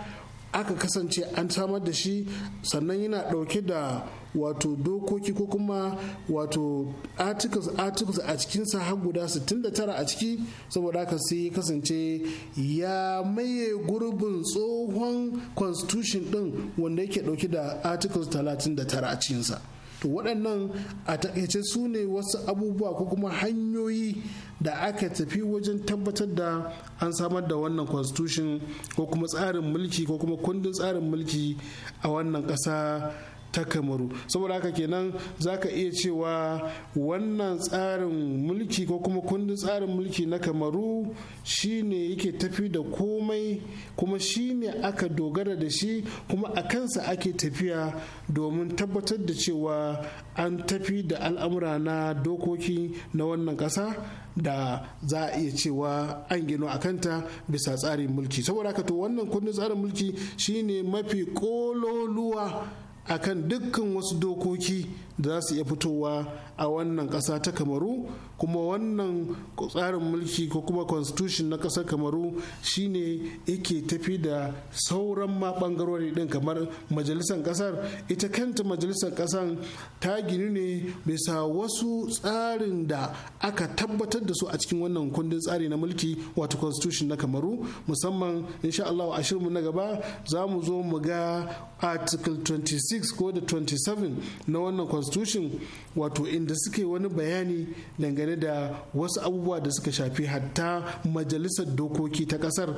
aka kasance an samar da shi sannan yana ɗauke da wato dokoki ko kuma wato articles articles a cikinsa har guda 69 a ciki saboda haka sai kasance ya maye gurbin tsohon constitution ɗin wanda yake ɗauke da articles 39 a cikinsa to waɗannan a takaice su ne wasu abubuwa ko kuma hanyoyi da aka tafi wajen tabbatar da an samar da wannan constitution ko kuma tsarin mulki ko kuma kundin tsarin mulki a wannan ƙasa ta kamaru saboda haka kenan za ka iya cewa wannan tsarin mulki ko kuma kundin tsarin mulki na kamaru shine yake tafi da komai kuma shine aka dogara da shi kuma a kansa ake tafiya domin tabbatar da cewa an tafi da al'amura na dokoki na wannan ƙasa da za a iya cewa an gino a kanta bisa tsarin mulki saboda haka to wannan kundin tsarin mulki shine mafi kololuwa akan dukkan wasu dokoki za su iya fitowa a wannan ƙasa ta kamaru kuma wannan tsarin mulki ko kuma constitution na ƙasar kamaru shine yake tafi da sauran ma ɓangarori ɗin kamar majalisar ƙasar ita kanta majalisar ƙasar ta gini ne bisa wasu tsarin da aka tabbatar da su a cikin wannan kundin tsari na mulki wato constitution na kamaru musamman insha Allah a shirinmu na gaba za mu zo mu ga article 26 ko da 27 na wannan constitution wato inda suke wani bayani dangane da wasu abubuwa da suka shafi hatta majalisar dokoki ta kasar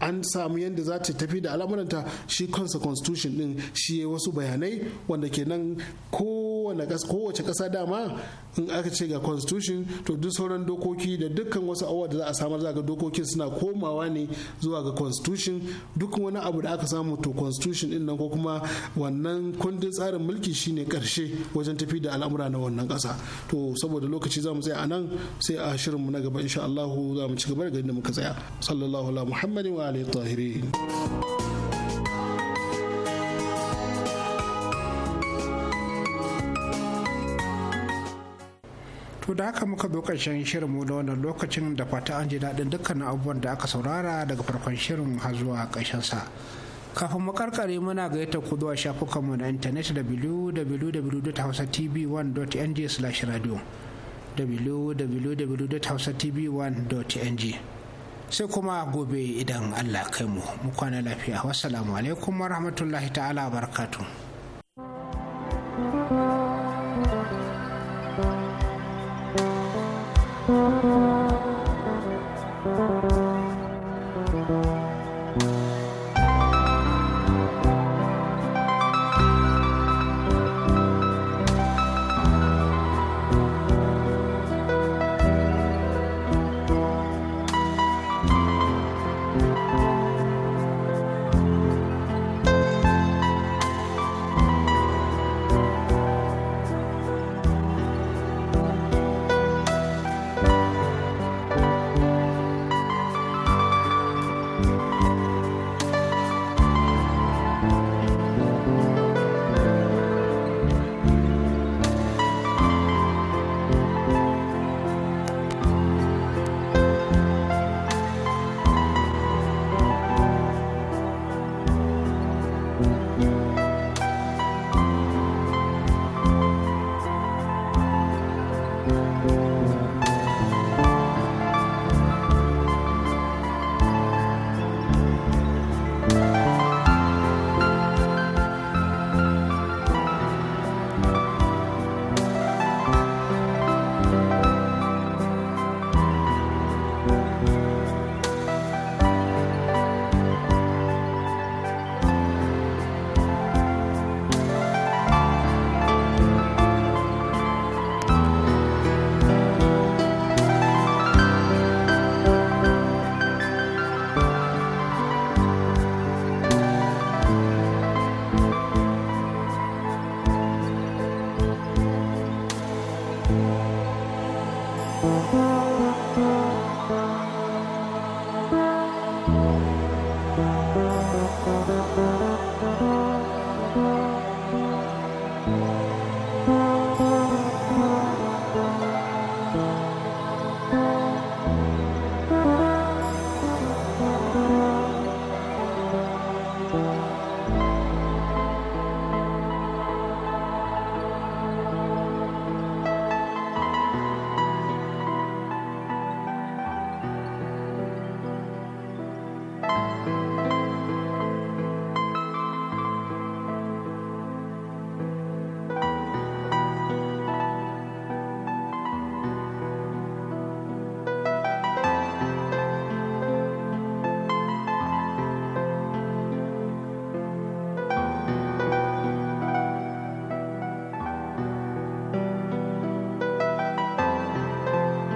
an samu yadda za ta tafi da al'amuranta shi kansa constitution din shi ya wasu bayanai wanda ke nan kowace kasa dama in aka ce ga constitution to duk sauran dokoki da dukkan wasu awa da za a samar za ga dokokin suna komawa ne zuwa ga constitution duk wani abu da aka samu to constitution din nan ko kuma wannan kundin tsarin mulki shine karshe wajen tafi da al'amura na wannan ƙasa to saboda lokaci za mu tsaya a nan sai a shirinmu na gaba insha Allah za mu ci gaba da ganin da muka tsaya sallallahu alaihi wa علي To da haka muka zo ƙarshen shirinmu na wannan lokacin da fata an ji daɗin dukkan abubuwan da aka saurara daga farkon shirin har zuwa sa Kafin mu karkare muna gayyata ku zuwa shafukanmu na intanet www.hausatv1.ng/radio www.hausatv1.ng sai kuma gobe idan allah kai mu mu kwana lafiya wasu alaikum rahmatullahi ta'ala barkatu